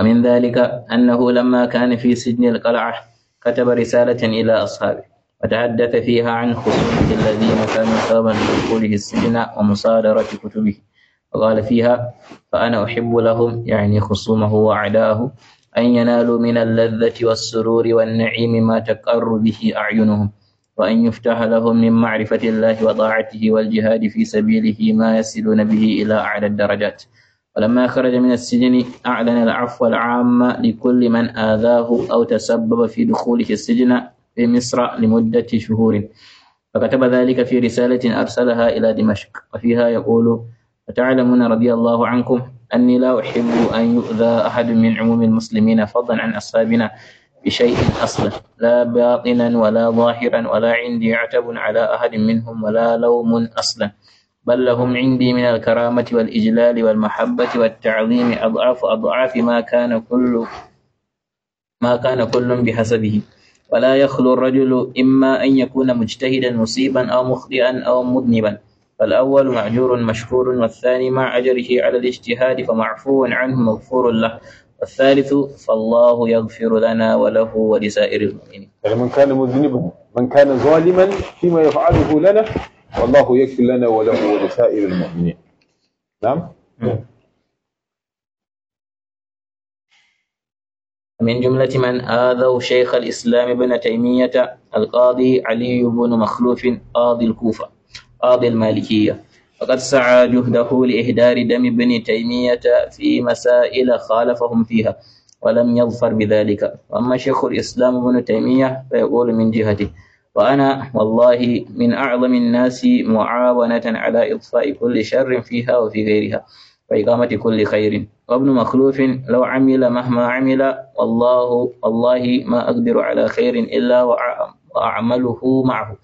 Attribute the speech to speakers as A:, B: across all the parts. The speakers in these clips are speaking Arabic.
A: ومن ذلك أنه لما كان في سجن القلعة كتب رسالة إلى أصحابه وتحدث فيها عن خصومة الذين كانوا سببا لدخوله السجن ومصادرة كتبه وقال فيها فأنا أحب لهم يعني خصومه وأعداءه أن ينالوا من اللذة والسرور والنعيم ما تقر به أعينهم وأن يفتح لهم من معرفة الله وطاعته والجهاد في سبيله ما يصلون به إلى أعلى الدرجات ولما خرج من السجن أعلن العفو العام لكل من آذاه أو تسبب في دخوله السجن في مصر لمدة شهور فكتب ذلك في رسالة أرسلها إلى دمشق وفيها يقول وتعلمون رضي الله عنكم أني لا أحب أن يؤذى أحد من عموم المسلمين فضلا عن أصحابنا بشيء أصلا لا باطنا ولا ظاهرا ولا عندي عتب على أحد منهم ولا لوم أصلا بل لهم عندي من الكرامة والإجلال والمحبة والتعظيم أضعاف أضعاف ما كان كل ما كان كل بحسبه ولا يخلو الرجل إما أن يكون مجتهدا مصيبا أو مخطئا أو مذنبا فالأول معجور مشكور والثاني مع أجره على الاجتهاد فمعفو عنه مغفور له والثالث فالله يغفر لنا وله ولسائر المؤمنين يعني من كان مذنبا من كان ظالما فيما يفعله لنا والله يكفي لنا وله ولسائر المؤمنين نعم من جملة من آذوا شيخ الإسلام ابن تيمية القاضي علي بن مخلوف قاضي الكوفة قاضي المالكية فقد سعى جهده لإهدار دم بن تيمية في مسائل خالفهم فيها ولم يظفر بذلك وأما شيخ الإسلام ابن تيمية فيقول من جهته وأنا والله من أعظم الناس معاونة على إطفاء كل شر فيها وفي غيرها وإقامة كل خير وابن مخلوف لو عمل مهما عمل والله والله ما أقدر على خير إلا وأعمله معه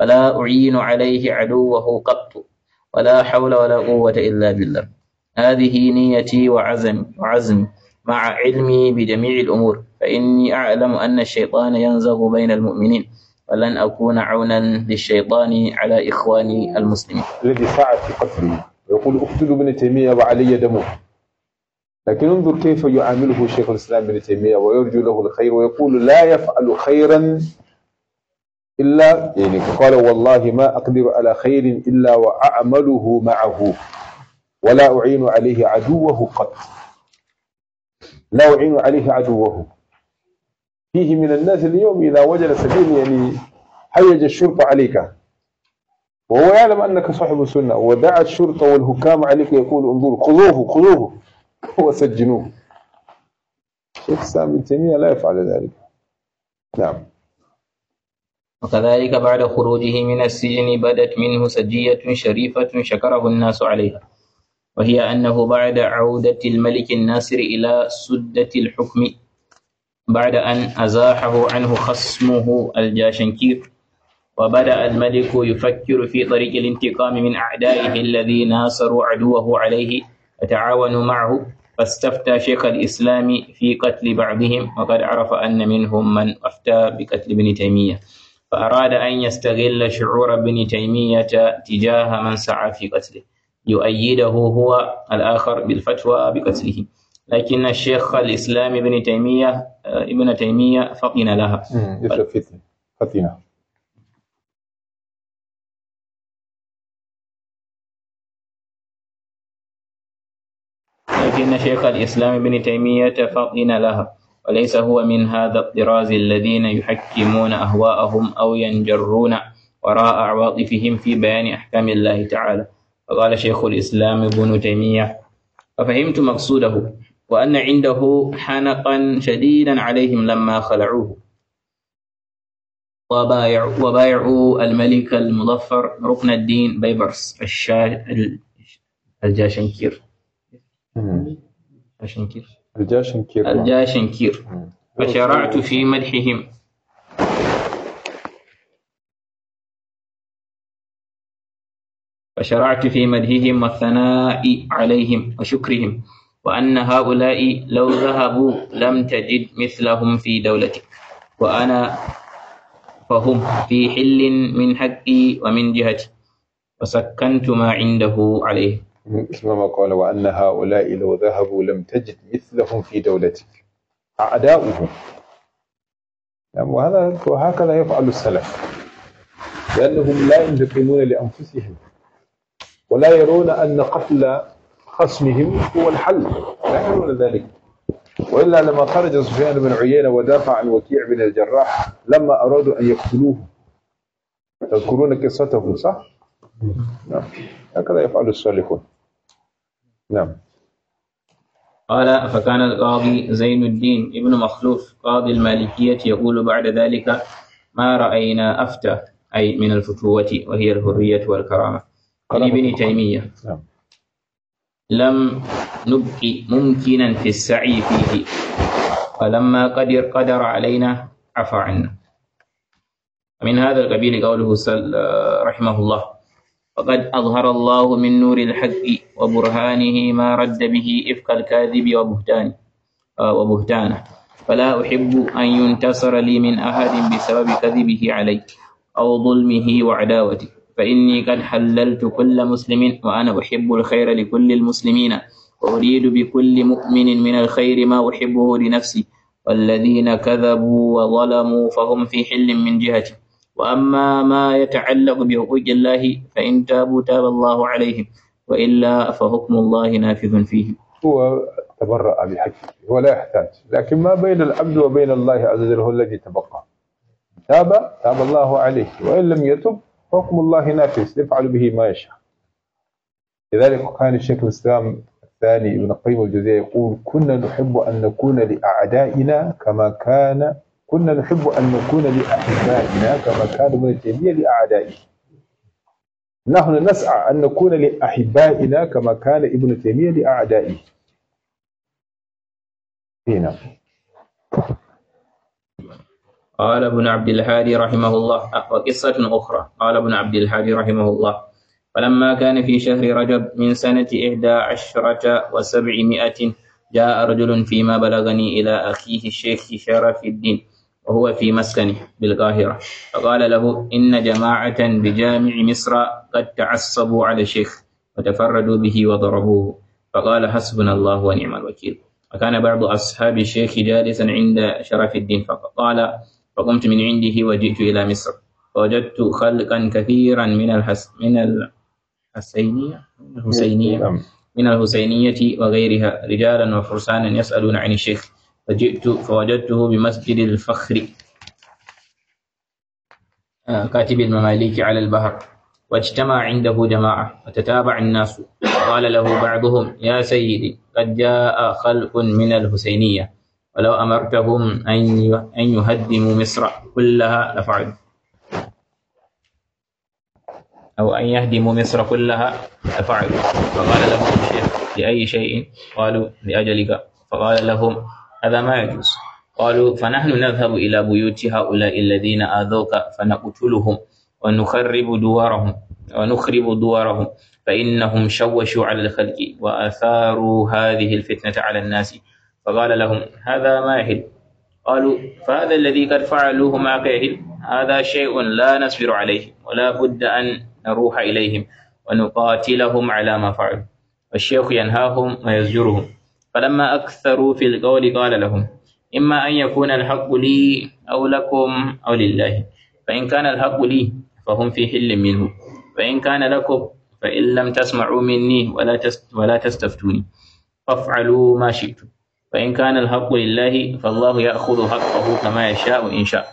A: ولا أعين عليه عدوه قط ولا حول ولا قوة إلا بالله هذه نيتي وعزمي وعزمي مع علمي بجميع الأمور فإني أعلم أن الشيطان ينزغ بين المؤمنين ولن أكون عونا للشيطان على إخواني المسلمين
B: الذي ساعد في قتله يقول اقتلوا ابن تيمية وعلي دمه لكن انظر كيف يعامله شيخ الإسلام ابن تيمية ويرجو له الخير ويقول لا يفعل خيرا إلا يعني قال والله ما أقدر على خير إلا وأعمله معه ولا أعين عليه عدوه قط لا أعين عليه عدوه فيه من الناس اليوم إذا وجد سبيل يعني حيج الشرطة عليك وهو يعلم أنك صاحب السنة ودعا الشرطة والحكام عليك يقول انظروا خذوه خذوه وسجنوه شيخ سامي التيمية تيمية لا يفعل ذلك نعم
A: وكذلك بعد خروجه من السجن بدت منه سجية شريفة شكره الناس عليها وهي أنه بعد عودة الملك الناصر إلى سدة الحكم بعد أن أزاحه عنه خصمه الجاشنكير وبدأ الملك يفكر في طريق الانتقام من أعدائه الذين ناصروا عدوه عليه وتعاونوا معه فاستفتى شيخ الإسلام في قتل بعضهم وقد عرف أن منهم من أفتى بقتل ابن تيمية فأراد أن يستغل شعور ابن تيمية تجاه من سعى في قتله يؤيده هو الآخر بالفتوى بقتله
C: لكن الشيخ الإسلام ابن تيمية آه، ابن تيمية فطن لها فطن لكن شيخ الإسلام ابن تيمية فطن لها وليس هو من هذا الطراز الذين يحكمون
A: أهواءهم أو ينجرون وراء عواطفهم في بيان أحكام الله تعالى وقال شيخ الإسلام ابن تيمية ففهمت مقصوده وأن عنده حنقا شديدا عليهم لما خلعوه وبايعوا, وبايعوا الملك المظفر ركن الدين بيبرس الشا... الجاشنكير
C: الجاشنكير الجاشنكير الجاشنكير فشرعت في مدحهم فشرعت في مدحهم والثناء عليهم وشكرهم وأن هؤلاء
A: لو ذهبوا لم تجد مثلهم في دولتك وأنا فهم في حل من حقي ومن جهتي وسكنت ما عنده عليه كما قال
B: وأن هؤلاء لو ذهبوا لم تجد مثلهم في دولتك أعداؤهم نعم، وهذا وهكذا يفعل السلف لأنهم لا ينتقمون لأنفسهم ولا يرون أن قتل خصمهم هو الحل لا يقولون ذلك وإلا لما خرج سفيان بن عيينة ودافع عن وكيع بن الجراح لما أرادوا أن يقتلوه تذكرون قصته صح؟ نعم هكذا يفعل الصالحون نعم
A: قال فكان القاضي زين الدين ابن مخلوف قاضي المالكية يقول بعد ذلك ما رأينا أفتى أي من الفتوة وهي الحرية والكرامة قال ابن تيمية نعم. لم نبق ممكنا في السعي فيه فلما قدر قدر علينا عفى عنا من هذا القبيل قوله رحمه الله فقد أظهر الله من نور الحق وبرهانه ما رد به إفق الكاذب وبهتان وبهتانه فلا أحب أن ينتصر لي من أحد بسبب كذبه علي أو ظلمه وعداوته فإني قد حللت كل مسلم وأنا أحب الخير لكل المسلمين وأريد بكل مؤمن من الخير ما أحبه لنفسي والذين كذبوا وظلموا فهم في حل من جهتي وأما ما يتعلق بحقوق الله فإن تابوا تاب الله عليهم وإلا فحكم الله نافذ فيهم
B: هو تبرأ هو ولا يحتاج لكن ما بين العبد وبين الله عز وجل هو الذي تبقى تاب تاب الله عليه وإن لم يتب حكم الله نافذ يفعل به ما يشاء لذلك كان الشيخ الإسلام الثاني ابن قيم الجزية يقول كنا نحب أن نكون لأعدائنا كما كان كنا نحب أن نكون لأحبائنا كما كان ابن تيمية لأعدائه نحن نسعى أن نكون لأحبائنا كما كان ابن تيمية لأعدائه
C: هنا
A: قال ابن عبد الهادي رحمه الله وقصة أخرى قال ابن عبد الهادي رحمه الله فلما كان في شهر رجب من سنة إحدى عشرة وسبعمائة جاء رجل فيما بلغني إلى أخيه الشيخ شرف الدين وهو في مسكنه بالقاهرة فقال له إن جماعة بجامع مصر قد تعصبوا على الشيخ وتفردوا به وضربوه فقال حسبنا الله ونعم الوكيل وكان بعض أصحاب الشيخ جالسا عند شرف الدين فقال فقمت من عنده وجئت إلى مصر فوجدت خلقا كثيرا من الحس من الحسينية من الحسينية نعم. من الحسينية وغيرها رجالا وفرسانا يسألون عن الشيخ فجئت فوجدته بمسجد الفخر آه، كاتب المماليك على البحر واجتمع عنده جماعة وتتابع الناس قال له بعضهم يا سيدي قد جاء خلق من الحسينية ولو أمرتهم أن يهدموا مصر كلها لفعلوا أو أن يهدموا مصر كلها لفعلوا فقال لهم الشيخ لأي شيء قالوا لأجلك فقال لهم هذا ما يجوز قالوا فنحن نذهب إلى بيوت هؤلاء الذين آذوك فنقتلهم ونخرب دوارهم ونخرب دوارهم فإنهم شوشوا على الخلق وأثاروا هذه الفتنة على الناس فقال لهم هذا ما يحل قالوا فهذا الذي قد فعلوه ما يحل هذا شيء لا نصبر عليه ولا بد أن نروح إليهم ونقاتلهم على ما فعلوا والشيخ ينهاهم ويزجرهم فلما أكثروا في القول قال لهم إما أن يكون الحق لي أو لكم أو لله فإن كان الحق لي فهم في حل منه وإن كان لكم فإن لم تسمعوا مني ولا ولا تستفتوني فافعلوا ما شئتم فإن كان الحق لله فالله يأخذ حقه كما يشاء إن شاء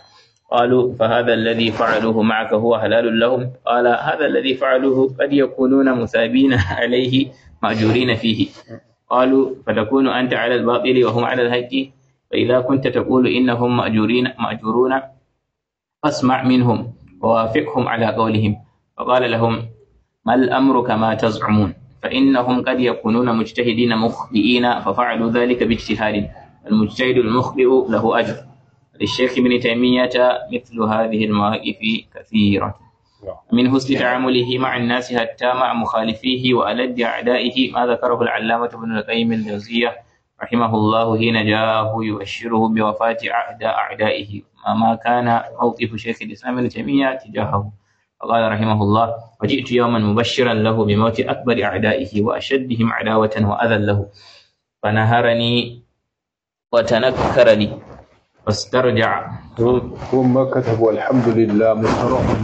A: قالوا فهذا الذي فعلوه معك هو حلال لهم قال هذا الذي فعلوه قد يكونون مثابين عليه مأجورين فيه قالوا فتكون أنت على الباطل وهم على الحق فإذا كنت تقول إنهم مأجورين مأجورون فاسمع منهم ووافقهم على قولهم فقال لهم ما الأمر كما تزعمون فإنهم قد يكونون مجتهدين مخبئين ففعلوا ذلك باجتهاد المجتهد المخبئ له أجر للشيخ ابن تيمية مثل هذه المواقف كثيرة من حسن تعامله مع الناس حتى مع مخالفيه وألد أعدائه ما ذكره العلامة ابن القيم الجوزية رحمه الله حين جاءه يبشره بوفاة أعداء أعدائه ما كان موقف شيخ الإسلام ابن تيمية تجاهه قال رحمه الله وجئت يوما مبشرا له بموت أكبر أعدائه وأشدهم عداوة وأذى له فنهرني وتنكر لي واسترجع
B: ثم كتب والحمد لله مترقب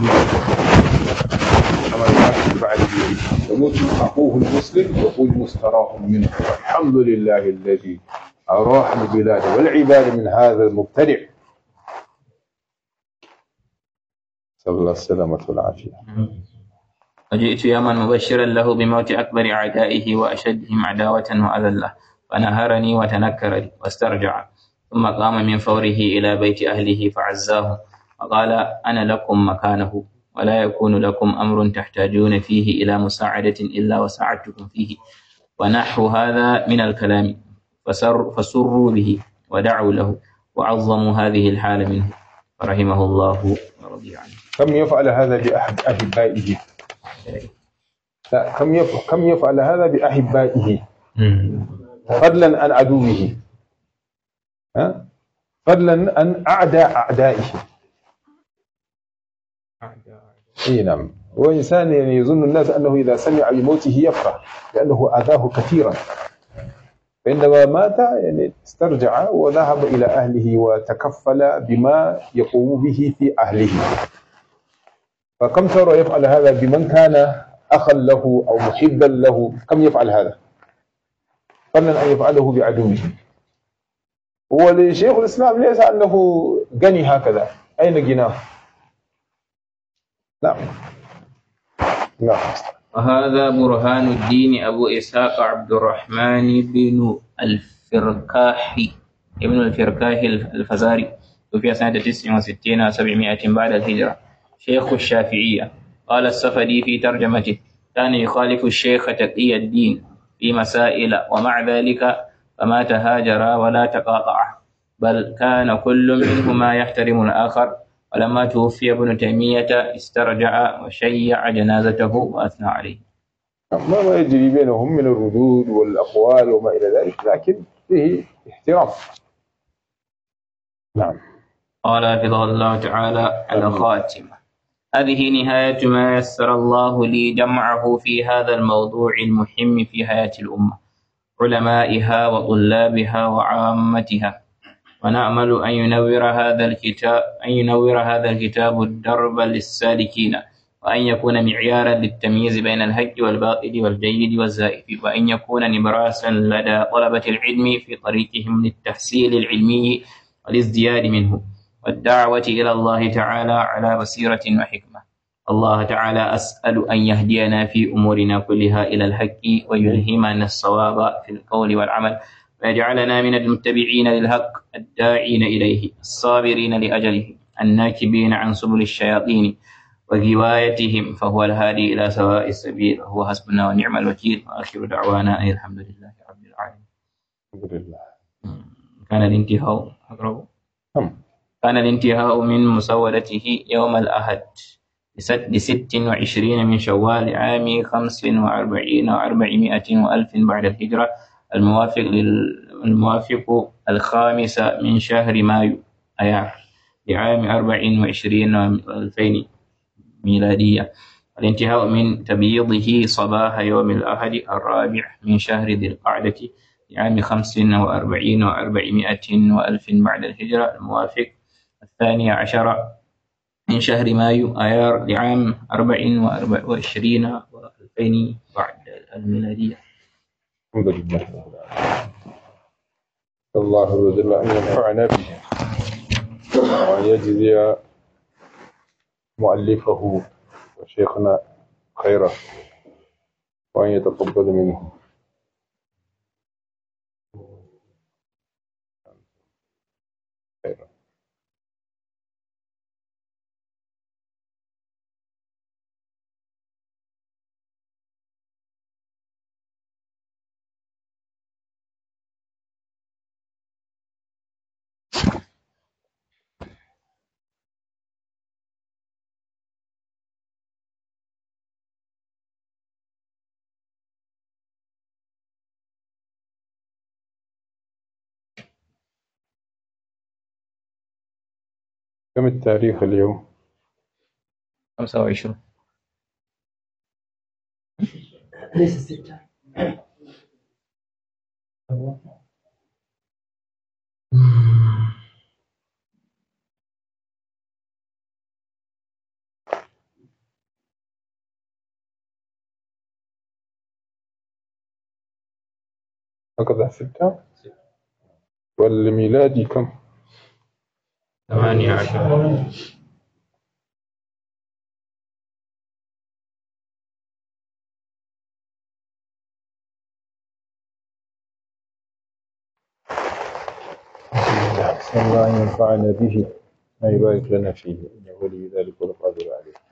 B: يموت أخوه المسلم يقول مستراح منه الحمد لله الذي أراح البلاد والعباد من هذا المبتدع نسأل الله السلامة والعافية
A: وجئت يوما مبشرا له بموت أكبر أعدائه وأشدهم عداوة وأذلة فنهرني لي واسترجع ثم قام من فوره إلى بيت أهله فعزاه وقال أنا لكم مكانه ولا يكون لكم أمر تحتاجون فيه إلى مساعدة إلا وساعدتكم فيه ونحو هذا من الكلام فسر فسروا به ودعوا له وعظموا هذه الحالة منه رحمه الله ورضي عنه
B: كم يفعل هذا بأحد أحبائه لا كم يفعل, كم يفعل هذا بأحبائه فضلا عن عدوه ها فضلا عن أعداء أعدائه اي نعم وانسان يعني يظن الناس انه اذا سمع بموته يفرح لانه اذاه كثيرا عندما مات يعني استرجع وذهب الى اهله وتكفل بما يقوم به في اهله فكم شرع يفعل هذا بمن كان أخا له أو محبا له كم يفعل هذا قلنا أن يفعله بعدوه ولشيخ الإسلام ليس أنه غني هكذا أين غناه
A: نعم نعم وهذا برهان الدين أبو إسحاق عبد الرحمن بن الفركاحي ابن الفركاحي الفزاري وفي سنة 69 و700 بعد الهجرة شيخ الشافعية قال السفدي في ترجمته كان يخالف الشيخ تقي الدين في مسائل ومع ذلك فما تهاجر ولا تقاطع بل كان كل منهما يحترم الآخر ولما توفي ابن تيمية استرجع وشيع جنازته وأثنى عليه
B: ما ما يجري بينهم من الردود والأقوال وما إلى ذلك لكن فيه
A: احترام نعم قال في الله تعالى على خاتمه هذه نهاية ما يسر الله لي جمعه في هذا الموضوع المهم في حياة الأمة علمائها وطلابها وعامتها ونأمل أن ينور هذا الكتاب أن ينور هذا الكتاب الدرب للسالكين وأن يكون معيارا للتمييز بين الهج والباطل والجيد والزائف وأن يكون نبراسا لدى طلبة العلم في طريقهم للتحصيل العلمي والازدياد منه والدعوة إلى الله تعالى على بصيرة وحكمة الله تعالى أسأل أن يهدينا في أمورنا كلها إلى الحق ويلهمنا الصواب في القول والعمل ويجعلنا من المتبعين للحق الداعين إليه الصابرين لأجله الناكبين عن سبل الشياطين وغوايتهم فهو الهادي إلى سواء السبيل وهو حسبنا ونعم الوكيل وآخر دعوانا أن الحمد لله رب العالمين الحمد لله كان الانتهاء أقرب كان الانتهاء من مسودته يوم الأحد بست وعشرين من شوال عام خمس وأربعين وأربعمائة وألف بعد الهجرة الموافق لل الموافق الخامس من شهر مايو أيار لعام أربعين وعشرين وألفين ميلادية الانتهاء من تبييضه صباح يوم الأحد الرابع من شهر ذي القعدة لعام خمس وأربعين وأربعمائة وألف بعد الهجرة الموافق الثاني عشر من شهر مايو آيار لعام أربع وأربع وعشرين وألفين بعد الميلادية الحمد لله
B: الله عز وجل أن ينفعنا به وأن يجزي
C: مؤلفه وشيخنا خيره وأن يتقبل منه كم التاريخ اليوم؟ 25 ليس 6 هكذا ستة والميلادي كم؟ ثمانية عشر الله أن ينفعنا به ما يبارك لنا فيه إنه ولي ذلك والقادر عليه